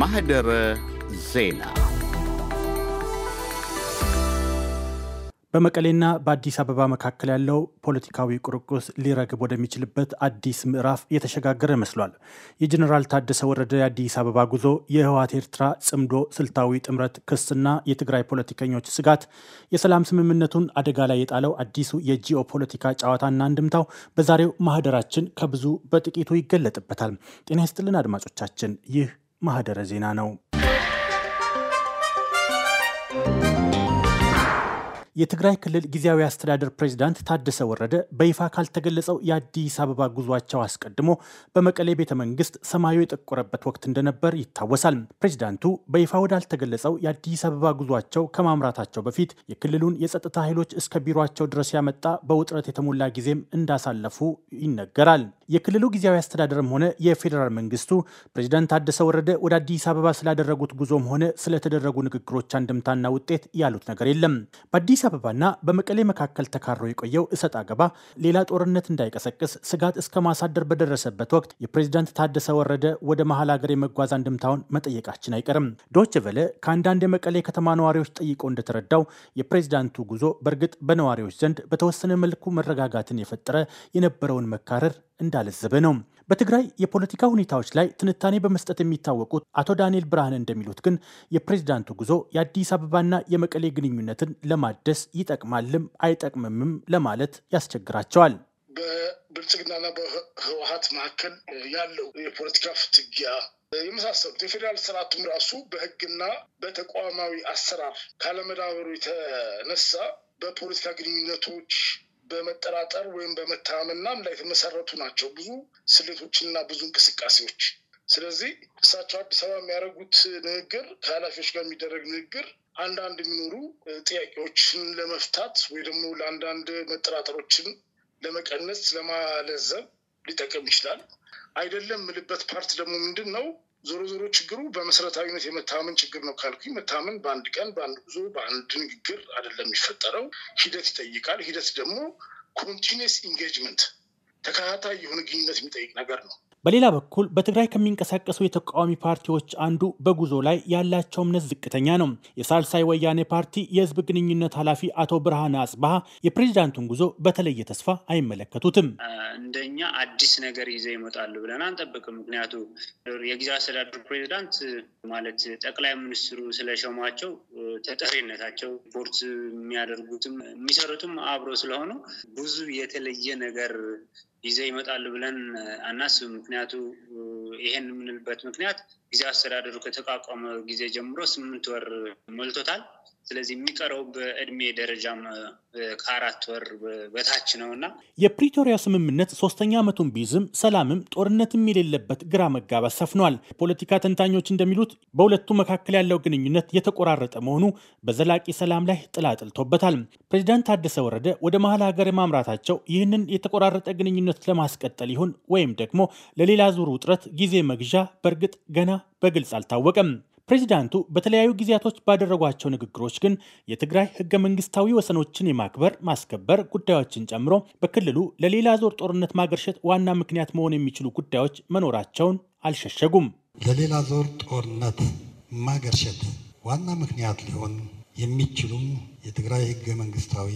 ማህደረ ዜና በመቀሌና በአዲስ አበባ መካከል ያለው ፖለቲካዊ ቁርቁስ ሊረግብ ወደሚችልበት አዲስ ምዕራፍ የተሸጋገረ መስሏል። የጀኔራል ታደሰ ወረደ የአዲስ አበባ ጉዞ፣ የህወሓት ኤርትራ ጽምዶ ስልታዊ ጥምረት ክስና የትግራይ ፖለቲከኞች ስጋት፣ የሰላም ስምምነቱን አደጋ ላይ የጣለው አዲሱ የጂኦ ፖለቲካ ጨዋታና አንድምታው በዛሬው ማህደራችን ከብዙ በጥቂቱ ይገለጥበታል። ጤና ይስጥልን አድማጮቻችን ይህ ማህደረ ዜና ነው። የትግራይ ክልል ጊዜያዊ አስተዳደር ፕሬዚዳንት ታደሰ ወረደ በይፋ ካልተገለጸው የአዲስ አበባ ጉዟቸው አስቀድሞ በመቀሌ ቤተ መንግስት ሰማዩ የጠቆረበት ወቅት እንደነበር ይታወሳል። ፕሬዚዳንቱ በይፋ ወዳልተገለጸው የአዲስ አበባ ጉዟቸው ከማምራታቸው በፊት የክልሉን የጸጥታ ኃይሎች እስከ ቢሯቸው ድረስ ያመጣ በውጥረት የተሞላ ጊዜም እንዳሳለፉ ይነገራል። የክልሉ ጊዜያዊ አስተዳደርም ሆነ የፌዴራል መንግስቱ ፕሬዚዳንት ታደሰ ወረደ ወደ አዲስ አበባ ስላደረጉት ጉዞም ሆነ ስለተደረጉ ንግግሮች አንድምታና ውጤት ያሉት ነገር የለም። በአዲስ አበባና በመቀሌ መካከል ተካሮ የቆየው እሰጥ አገባ ሌላ ጦርነት እንዳይቀሰቅስ ስጋት እስከ ማሳደር በደረሰበት ወቅት የፕሬዚዳንት ታደሰ ወረደ ወደ መሀል ሀገር የመጓዝ አንድምታውን መጠየቃችን አይቀርም። ዶች ቨለ ከአንዳንድ የመቀሌ ከተማ ነዋሪዎች ጠይቆ እንደተረዳው የፕሬዚዳንቱ ጉዞ በእርግጥ በነዋሪዎች ዘንድ በተወሰነ መልኩ መረጋጋትን የፈጠረ የነበረውን መካረር እንዳለዘበ ነው። በትግራይ የፖለቲካ ሁኔታዎች ላይ ትንታኔ በመስጠት የሚታወቁት አቶ ዳንኤል ብርሃን እንደሚሉት ግን የፕሬዚዳንቱ ጉዞ የአዲስ አበባና የመቀሌ ግንኙነትን ለማደስ ይጠቅማልም አይጠቅምምም ለማለት ያስቸግራቸዋል። በብልጽግናና በህወሀት መካከል ያለው የፖለቲካ ፍትጊያ የመሳሰሉት የፌዴራል ስርዓቱም ራሱ በህግና በተቋማዊ አሰራር ካለመዳበሩ የተነሳ በፖለቲካ ግንኙነቶች በመጠራጠር ወይም በመተማመናም ላይ የተመሰረቱ ናቸው ብዙ ስሌቶችና ብዙ እንቅስቃሴዎች። ስለዚህ እሳቸው አዲስ አበባ የሚያደርጉት ንግግር ከኃላፊዎች ጋር የሚደረግ ንግግር አንዳንድ የሚኖሩ ጥያቄዎችን ለመፍታት ወይ ደግሞ ለአንዳንድ መጠራጠሮችን ለመቀነስ፣ ለማለዘብ ሊጠቀም ይችላል። አይደለም ምልበት ፓርት ደግሞ ምንድን ነው ዞሮ ዞሮ ችግሩ በመሰረታዊነት የመታመን ችግር ነው ካልኩ መታመን በአንድ ቀን በአንድ ጉዞ በአንድ ንግግር አይደለም የሚፈጠረው። ሂደት ይጠይቃል። ሂደት ደግሞ ኮንቲኒየስ ኢንጌጅመንት ተከታታይ የሆነ ግንኙነት የሚጠይቅ ነገር ነው። በሌላ በኩል በትግራይ ከሚንቀሳቀሱ የተቃዋሚ ፓርቲዎች አንዱ በጉዞ ላይ ያላቸው እምነት ዝቅተኛ ነው። የሳልሳይ ወያኔ ፓርቲ የህዝብ ግንኙነት ኃላፊ አቶ ብርሃነ አጽባሀ የፕሬዚዳንቱን ጉዞ በተለየ ተስፋ አይመለከቱትም። እንደኛ አዲስ ነገር ይዘው ይመጣሉ ብለን አንጠብቅም። ምክንያቱ የጊዜ አስተዳደሩ ፕሬዚዳንት ማለት ጠቅላይ ሚኒስትሩ ስለሸማቸው ተጠሪነታቸው ሪፖርት የሚያደርጉትም የሚሰሩትም አብሮ ስለሆኑ ብዙ የተለየ ነገር ይዘ ይመጣል ብለን አናስብም። ምክንያቱ ይሄን የምንልበት ምክንያት ጊዜ አስተዳደሩ ከተቋቋመ ጊዜ ጀምሮ ስምንት ወር ሞልቶታል። ስለዚህ የሚቀረው በእድሜ ደረጃም ከአራት ወር በታች ነው እና የፕሪቶሪያ ስምምነት ሶስተኛ ዓመቱን ቢይዝም ሰላምም ጦርነትም የሌለበት ግራ መጋባት ሰፍኗል። ፖለቲካ ተንታኞች እንደሚሉት በሁለቱ መካከል ያለው ግንኙነት የተቆራረጠ መሆኑ በዘላቂ ሰላም ላይ ጥላ ጥልቶበታል። ፕሬዚዳንት ታደሰ ወረደ ወደ መሀል ሀገር ማምራታቸው ይህንን የተቆራረጠ ግንኙነት ለማስቀጠል ይሁን ወይም ደግሞ ለሌላ ዙር ውጥረት ጊዜ መግዣ በእርግጥ ገና በግልጽ አልታወቀም። ፕሬዚዳንቱ በተለያዩ ጊዜያቶች ባደረጓቸው ንግግሮች ግን የትግራይ ህገ መንግስታዊ ወሰኖችን የማክበር ማስከበር ጉዳዮችን ጨምሮ በክልሉ ለሌላ ዞር ጦርነት ማገርሸት ዋና ምክንያት መሆን የሚችሉ ጉዳዮች መኖራቸውን አልሸሸጉም። ለሌላ ዞር ጦርነት ማገርሸት ዋና ምክንያት ሊሆን የሚችሉም የትግራይ ህገ መንግስታዊ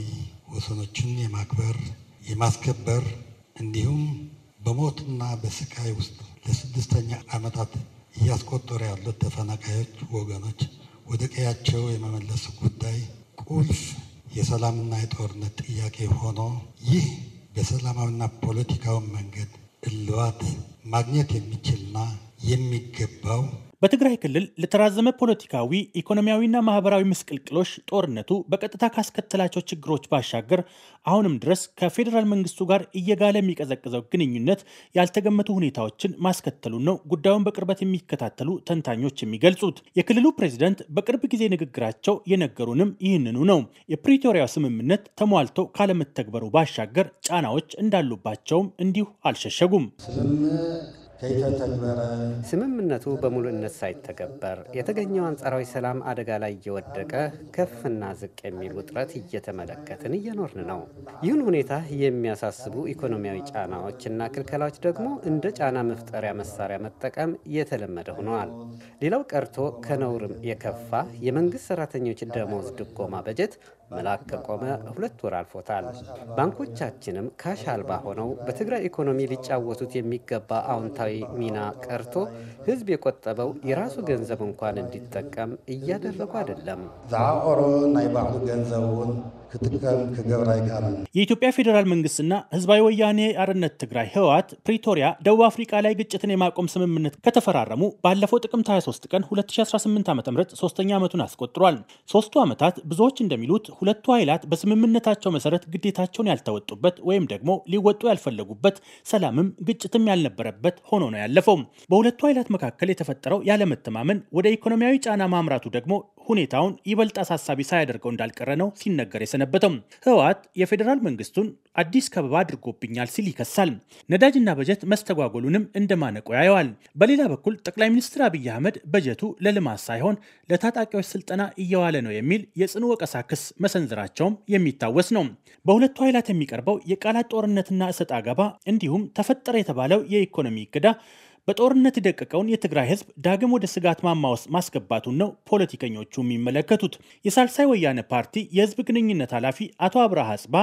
ወሰኖችን የማክበር የማስከበር እንዲሁም በሞትና በስቃይ ውስጥ ለስድስተኛ ዓመታት እያስቆጠሩ ያሉት ተፈናቃዮች ወገኖች ወደ ቀያቸው የመመለስ ጉዳይ ቁልፍ የሰላምና የጦርነት ጥያቄ ሆኖ ይህ በሰላማዊና ፖለቲካዊ መንገድ እልባት ማግኘት የሚችልና የሚገባው በትግራይ ክልል ለተራዘመ ፖለቲካዊ ኢኮኖሚያዊና ማህበራዊ ምስቅልቅሎች ጦርነቱ በቀጥታ ካስከተላቸው ችግሮች ባሻገር አሁንም ድረስ ከፌዴራል መንግስቱ ጋር እየጋለ የሚቀዘቅዘው ግንኙነት ያልተገመቱ ሁኔታዎችን ማስከተሉ ነው ጉዳዩን በቅርበት የሚከታተሉ ተንታኞች የሚገልጹት። የክልሉ ፕሬዚደንት በቅርብ ጊዜ ንግግራቸው የነገሩንም ይህንኑ ነው። የፕሪቶሪያው ስምምነት ተሟልቶ ካለመተግበሩ ባሻገር ጫናዎች እንዳሉባቸውም እንዲሁ አልሸሸጉም። ስምምነቱ በሙሉነት ሳይተገበር የተገኘው አንጻራዊ ሰላም አደጋ ላይ እየወደቀ ከፍና ዝቅ የሚል ውጥረት እየተመለከትን እየኖርን ነው። ይህን ሁኔታ የሚያሳስቡ ኢኮኖሚያዊ ጫናዎችና ክልከላዎች ደግሞ እንደ ጫና መፍጠሪያ መሳሪያ መጠቀም የተለመደ ሆነዋል። ሌላው ቀርቶ ከነውርም የከፋ የመንግስት ሰራተኞች ደሞዝ ድጎማ በጀት መላክ ከቆመ ሁለት ወር አልፎታል። ባንኮቻችንም ካሽ አልባ ሆነው በትግራይ ኢኮኖሚ ሊጫወቱት የሚገባ አዎንታ ፖለቲካዊ ሚና ቀርቶ ህዝብ የቆጠበው የራሱ ገንዘብ እንኳን እንዲጠቀም እያደረጉ አይደለም። ዝዓቆሮ ናይ ባዕሉ ገንዘብ እውን ክትከም ከገብራይ ጋር የኢትዮጵያ ፌዴራል መንግስትና ህዝባዊ ወያኔ አርነት ትግራይ ህወሓት ፕሪቶሪያ ደቡብ አፍሪካ ላይ ግጭትን የማቆም ስምምነት ከተፈራረሙ ባለፈው ጥቅምት 23 ቀን 2018 ዓ ም ሶስተኛ ዓመቱን አስቆጥሯል። ሶስቱ ዓመታት ብዙዎች እንደሚሉት ሁለቱ ኃይላት በስምምነታቸው መሰረት ግዴታቸውን ያልተወጡበት ወይም ደግሞ ሊወጡ ያልፈለጉበት፣ ሰላምም ግጭትም ያልነበረበት ሆኖ ነው ያለፈው። በሁለቱ ኃይላት መካከል የተፈጠረው ያለመተማመን ወደ ኢኮኖሚያዊ ጫና ማምራቱ ደግሞ ሁኔታውን ይበልጥ አሳሳቢ ሳያደርገው እንዳልቀረ ነው ሲነገር የሰነበተው። ህወሓት የፌዴራል መንግስቱን አዲስ ከበባ አድርጎብኛል ሲል ይከሳል። ነዳጅና በጀት መስተጓጎሉንም እንደማነቆ ያየዋል። በሌላ በኩል ጠቅላይ ሚኒስትር አብይ አህመድ በጀቱ ለልማት ሳይሆን ለታጣቂዎች ስልጠና እየዋለ ነው የሚል የጽኑ ወቀሳ ክስ መሰንዘራቸውም የሚታወስ ነው። በሁለቱ ኃይላት የሚቀርበው የቃላት ጦርነትና እሰጥ አገባ እንዲሁም ተፈጠረ የተባለው የኢኮኖሚ እገዳ በጦርነት የደቀቀውን የትግራይ ህዝብ ዳግም ወደ ስጋት ማማ ውስጥ ማስገባቱን ነው ፖለቲከኞቹ የሚመለከቱት። የሳልሳይ ወያነ ፓርቲ የህዝብ ግንኙነት ኃላፊ አቶ አብርሃ ጽባ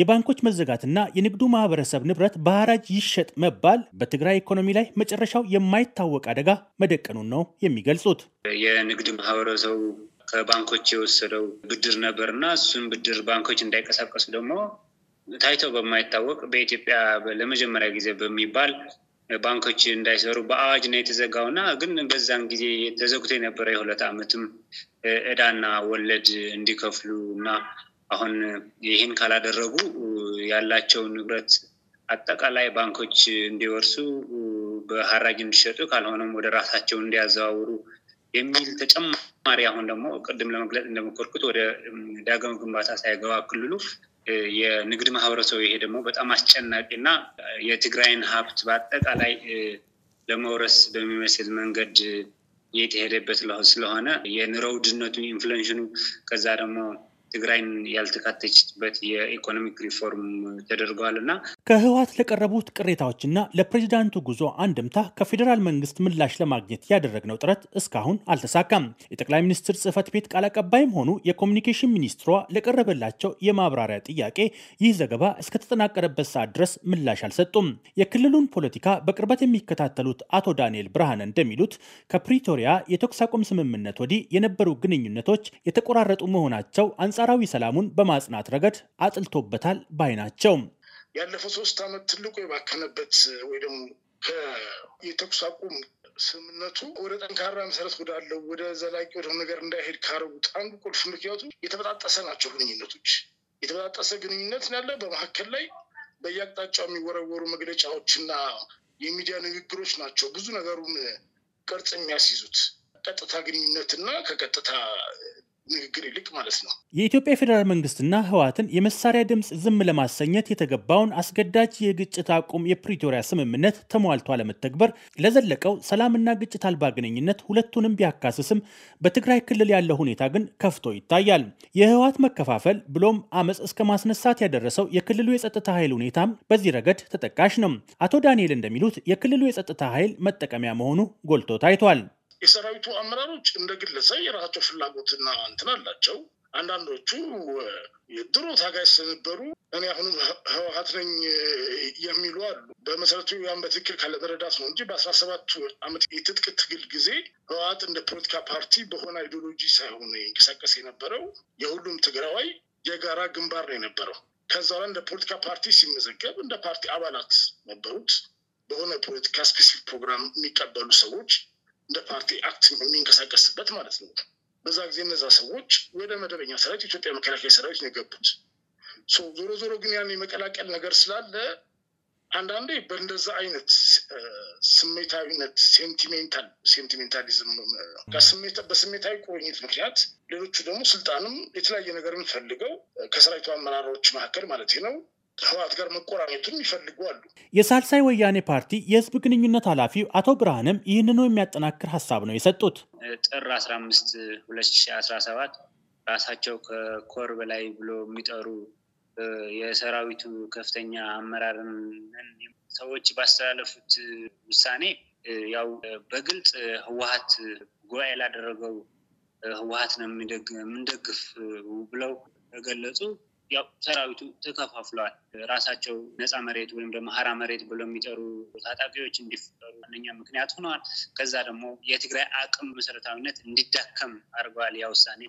የባንኮች መዘጋትና የንግዱ ማህበረሰብ ንብረት በሐራጅ ይሸጥ መባል በትግራይ ኢኮኖሚ ላይ መጨረሻው የማይታወቅ አደጋ መደቀኑን ነው የሚገልጹት። የንግድ ማህበረሰቡ ከባንኮች የወሰደው ብድር ነበር እና እሱን ብድር ባንኮች እንዳይቀሳቀሱ ደግሞ ታይቶ በማይታወቅ በኢትዮጵያ ለመጀመሪያ ጊዜ በሚባል ባንኮች እንዳይሰሩ በአዋጅ ነው የተዘጋው እና ግን በዛን ጊዜ ተዘግቶ የነበረ የሁለት ዓመትም እዳና ወለድ እንዲከፍሉ እና አሁን ይህን ካላደረጉ ያላቸውን ንብረት አጠቃላይ ባንኮች እንዲወርሱ በሀራጅ እንዲሸጡ ካልሆነም ወደ ራሳቸው እንዲያዘዋውሩ የሚል ተጨማሪ አሁን ደግሞ ቅድም ለመግለጽ እንደሞከርኩት ወደ ዳግም ግንባታ ሳይገባ ክልሉ የንግድ ማህበረሰቡ ይሄ ደግሞ በጣም አስጨናቂ እና የትግራይን ሀብት በአጠቃላይ ለመውረስ በሚመስል መንገድ የተሄደበት ስለሆነ የኑሮ ውድነቱ ኢንፍሌሽኑ፣ ከዛ ደግሞ ትግራይን ያልተካተችበት የኢኮኖሚክ ሪፎርም ተደርገዋል እና ከህወሓት ለቀረቡት ቅሬታዎችና ለፕሬዚዳንቱ ጉዞ አንድምታ ከፌዴራል መንግስት ምላሽ ለማግኘት ያደረግነው ጥረት እስካሁን አልተሳካም። የጠቅላይ ሚኒስትር ጽህፈት ቤት ቃል አቀባይም ሆኑ የኮሚኒኬሽን ሚኒስትሯ ለቀረበላቸው የማብራሪያ ጥያቄ ይህ ዘገባ እስከተጠናቀረበት ሰዓት ድረስ ምላሽ አልሰጡም። የክልሉን ፖለቲካ በቅርበት የሚከታተሉት አቶ ዳንኤል ብርሃነ እንደሚሉት ከፕሪቶሪያ የተኩስ አቁም ስምምነት ወዲህ የነበሩ ግንኙነቶች የተቆራረጡ መሆናቸው አንጻራዊ ሰላሙን በማጽናት ረገድ አጥልቶበታል ባይ ናቸው። ያለፈው ሶስት ዓመት ትልቁ የባከነበት ወይ ደግሞ የተኩስ አቁም ስምምነቱ ወደ ጠንካራ መሰረት ወዳለው ወደ ዘላቂ ወደ ነገር እንዳይሄድ ካረጉት አንዱ ቁልፍ ምክንያቱ የተበጣጠሰ ናቸው ግንኙነቶች። የተበጣጠሰ ግንኙነት ያለ በመካከል ላይ በየአቅጣጫው የሚወረወሩ መግለጫዎችና የሚዲያ ንግግሮች ናቸው ብዙ ነገሩን ቅርጽ የሚያስይዙት። ቀጥታ ግንኙነትና ከቀጥታ ንግግር ይልቅ ማለት ነው። የኢትዮጵያ ፌዴራል መንግስትና ህወሓትን የመሳሪያ ድምፅ ዝም ለማሰኘት የተገባውን አስገዳጅ የግጭት አቁም የፕሪቶሪያ ስምምነት ተሟልቶ አለመተግበር ለዘለቀው ሰላምና ግጭት አልባ ግንኙነት ሁለቱንም ቢያካስስም በትግራይ ክልል ያለው ሁኔታ ግን ከፍቶ ይታያል። የህወሓት መከፋፈል ብሎም አመፅ እስከ ማስነሳት ያደረሰው የክልሉ የጸጥታ ኃይል ሁኔታም በዚህ ረገድ ተጠቃሽ ነው። አቶ ዳንኤል እንደሚሉት የክልሉ የጸጥታ ኃይል መጠቀሚያ መሆኑ ጎልቶ ታይቷል። የሰራዊቱ አመራሮች እንደ ግለሰብ የራሳቸው ፍላጎትና እንትን አላቸው። አንዳንዶቹ ድሮ ታጋይ ስለነበሩ እኔ አሁንም ህወሀት ነኝ የሚሉ አሉ። በመሰረቱ ያን በትክክል ካለመረዳት ነው እንጂ በአስራ ሰባቱ ዓመት የትጥቅ ትግል ጊዜ ህወሀት እንደ ፖለቲካ ፓርቲ በሆነ አይዲዮሎጂ ሳይሆን ይንቀሳቀስ የነበረው የሁሉም ትግራዋይ የጋራ ግንባር ነው የነበረው። ከዛ ላይ እንደ ፖለቲካ ፓርቲ ሲመዘገብ እንደ ፓርቲ አባላት ነበሩት። በሆነ ፖለቲካ ስፔሲፊክ ፕሮግራም የሚቀበሉ ሰዎች እንደ ፓርቲ አክት የሚንቀሳቀስበት ማለት ነው። በዛ ጊዜ እነዛ ሰዎች ወደ መደበኛ ሰራዊት የኢትዮጵያ መከላከያ ሰራዊት ነው የገቡት። ዞሮ ዞሮ ግን ያን የመቀላቀል ነገር ስላለ አንዳንዴ በእንደዛ አይነት ስሜታዊነት ሴንቲሜንታል ሴንቲሜንታሊዝም በስሜታዊ ቁርኝት ምክንያት ሌሎቹ ደግሞ ስልጣንም የተለያየ ነገር ፈልገው ከሰራዊቱ አመራሮች መካከል ማለት ነው ከህወሓት ጋር መቆራኘትም ይፈልጉ አሉ። የሳልሳይ ወያኔ ፓርቲ የህዝብ ግንኙነት ኃላፊ አቶ ብርሃንም ይህንኑ የሚያጠናክር ሀሳብ ነው የሰጡት። ጥር አስራ አምስት ሁለት ሺ አስራ ሰባት ራሳቸው ከኮር በላይ ብሎ የሚጠሩ የሰራዊቱ ከፍተኛ አመራርን ሰዎች ባስተላለፉት ውሳኔ ያው በግልጽ ህወሓት ጉባኤ ላደረገው ህወሓት ነው የምንደግፍ ብለው ተገለጹ። ያው ሰራዊቱ ተከፋፍለዋል። ራሳቸው ነፃ መሬት ወይም ደግሞ ሀራ መሬት ብሎ የሚጠሩ ታጣቂዎች እንዲፈጠሩ ዋነኛ ምክንያት ሆነዋል። ከዛ ደግሞ የትግራይ አቅም መሰረታዊነት እንዲዳከም አድርገዋል ያ ውሳኔ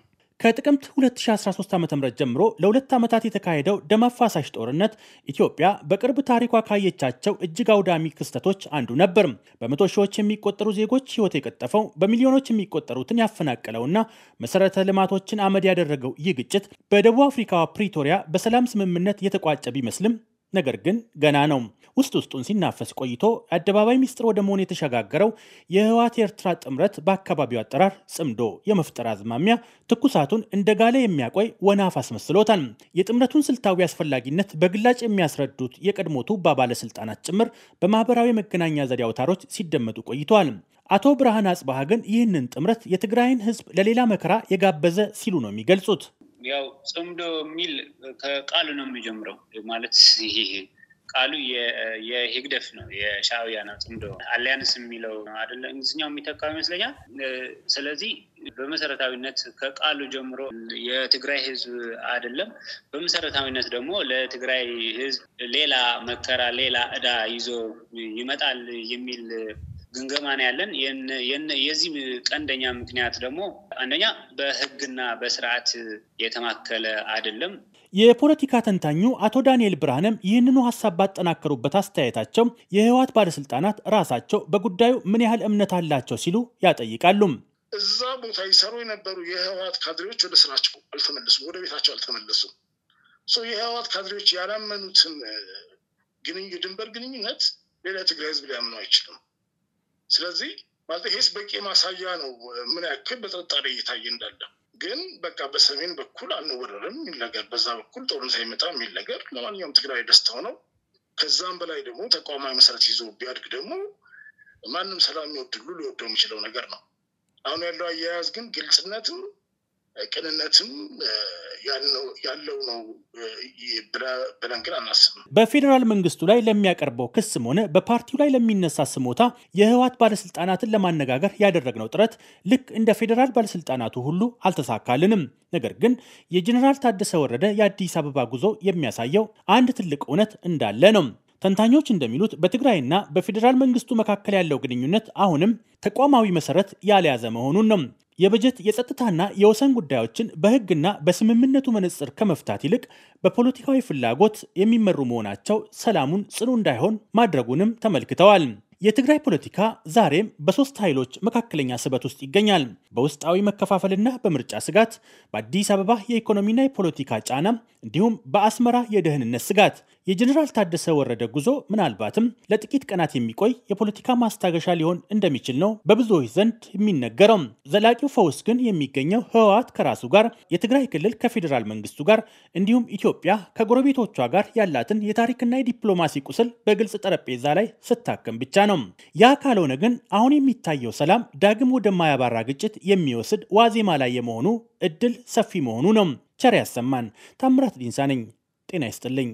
ከጥቅምት 2013 ዓ ም ጀምሮ ለሁለት ዓመታት የተካሄደው ደም አፋሳሽ ጦርነት ኢትዮጵያ በቅርብ ታሪኳ ካየቻቸው እጅግ አውዳሚ ክስተቶች አንዱ ነበር። በመቶ ሺዎች የሚቆጠሩ ዜጎች ሕይወት የቀጠፈው በሚሊዮኖች የሚቆጠሩትን ያፈናቀለውና መሰረተ ልማቶችን አመድ ያደረገው ይህ ግጭት በደቡብ አፍሪካዋ ፕሪቶሪያ በሰላም ስምምነት የተቋጨ ቢመስልም ነገር ግን ገና ነው። ውስጥ ውስጡን ሲናፈስ ቆይቶ የአደባባይ ሚስጥር ወደ መሆን የተሸጋገረው የህወሓት የኤርትራ ጥምረት በአካባቢው አጠራር ጽምዶ የመፍጠር አዝማሚያ ትኩሳቱን እንደ ጋለ የሚያቆይ ወናፍ አስመስሎታል። የጥምረቱን ስልታዊ አስፈላጊነት በግላጭ የሚያስረዱት የቀድሞ ቱባ ባለስልጣናት ጭምር በማህበራዊ መገናኛ ዘዴ አውታሮች ሲደመጡ ቆይተዋል። አቶ ብርሃን አጽባሃ ግን ይህንን ጥምረት የትግራይን ህዝብ ለሌላ መከራ የጋበዘ ሲሉ ነው የሚገልጹት። ያው ጽምዶ የሚል ከቃሉ ነው የሚጀምረው። ማለት ይሄ ቃሉ የሂግደፍ ነው የሻውያ ነው። ጽምዶ አሊያንስ የሚለው አደለ እንግሊዝኛው የሚተካው ይመስለኛል። ስለዚህ በመሰረታዊነት ከቃሉ ጀምሮ የትግራይ ህዝብ አይደለም። በመሰረታዊነት ደግሞ ለትግራይ ህዝብ ሌላ መከራ፣ ሌላ እዳ ይዞ ይመጣል የሚል ግምገማ ነው ያለን። የዚህ ቀንደኛ ምክንያት ደግሞ አንደኛ በህግና በስርዓት የተማከለ አይደለም። የፖለቲካ ተንታኙ አቶ ዳንኤል ብርሃንም ይህንኑ ሀሳብ ባጠናከሩበት አስተያየታቸው የህወሓት ባለስልጣናት ራሳቸው በጉዳዩ ምን ያህል እምነት አላቸው ሲሉ ያጠይቃሉ። እዛ ቦታ ይሰሩ የነበሩ የህወሓት ካድሬዎች ወደ ስራቸው አልተመለሱም፣ ወደ ቤታቸው አልተመለሱም። የህወሓት ካድሬዎች ያላመኑትን ግንኙ ድንበር ግንኙነት ሌላ ትግራይ ህዝብ ሊያምኑ አይችልም። ስለዚህ ማለት ይሄስ በቂ ማሳያ ነው ምን ያክል በጥርጣሬ እየታየ እንዳለ ግን በቃ በሰሜን በኩል አንወረርም የሚል ነገር በዛ በኩል ጦርነት አይመጣ የሚል ነገር ለማንኛውም ትግራይ ደስታው ነው። ከዛም በላይ ደግሞ ተቋማዊ መሰረት ይዞ ቢያድግ ደግሞ ማንም ሰላም ይወድሉ ሊወደው የሚችለው ነገር ነው። አሁን ያለው አያያዝ ግን ግልጽነትም ቅንነትም ያለው ነው ብለን ግን አናስብም። በፌዴራል መንግስቱ ላይ ለሚያቀርበው ክስም ሆነ በፓርቲው ላይ ለሚነሳ ስሞታ የህወሓት ባለስልጣናትን ለማነጋገር ያደረግነው ጥረት ልክ እንደ ፌዴራል ባለስልጣናቱ ሁሉ አልተሳካልንም። ነገር ግን የጀኔራል ታደሰ ወረደ የአዲስ አበባ ጉዞ የሚያሳየው አንድ ትልቅ እውነት እንዳለ ነው። ተንታኞች እንደሚሉት በትግራይና በፌዴራል መንግስቱ መካከል ያለው ግንኙነት አሁንም ተቋማዊ መሰረት ያልያዘ መሆኑን ነው። የበጀት የጸጥታና የወሰን ጉዳዮችን በሕግና በስምምነቱ መነጽር ከመፍታት ይልቅ በፖለቲካዊ ፍላጎት የሚመሩ መሆናቸው ሰላሙን ጽኑ እንዳይሆን ማድረጉንም ተመልክተዋል። የትግራይ ፖለቲካ ዛሬም በሶስት ኃይሎች መካከለኛ ስበት ውስጥ ይገኛል። በውስጣዊ መከፋፈልና በምርጫ ስጋት፣ በአዲስ አበባ የኢኮኖሚና የፖለቲካ ጫና እንዲሁም በአስመራ የደህንነት ስጋት የጀኔራል ታደሰ ወረደ ጉዞ ምናልባትም ለጥቂት ቀናት የሚቆይ የፖለቲካ ማስታገሻ ሊሆን እንደሚችል ነው በብዙዎች ዘንድ የሚነገረው። ዘላቂው ፈውስ ግን የሚገኘው ህወሓት ከራሱ ጋር፣ የትግራይ ክልል ከፌዴራል መንግስቱ ጋር እንዲሁም ኢትዮጵያ ከጎረቤቶቿ ጋር ያላትን የታሪክና የዲፕሎማሲ ቁስል በግልጽ ጠረጴዛ ላይ ስታከም ብቻ ነው። ያ ካልሆነ ግን አሁን የሚታየው ሰላም ዳግም ወደማያባራ ግጭት የሚወስድ ዋዜማ ላይ የመሆኑ እድል ሰፊ መሆኑ ነው። ቸር ያሰማን። ታምራት ዲንሳ ነኝ። ጤና ይስጥልኝ።